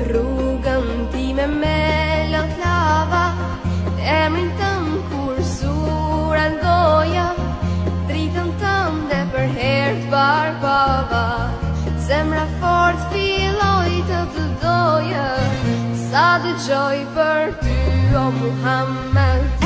Rrugën ti me me lëtë lava emrin mërën kur sura në Dritën të dhe për herë të barë pava Zemra fort filoj të të doja Sa dë gjoj për ty o Muhammed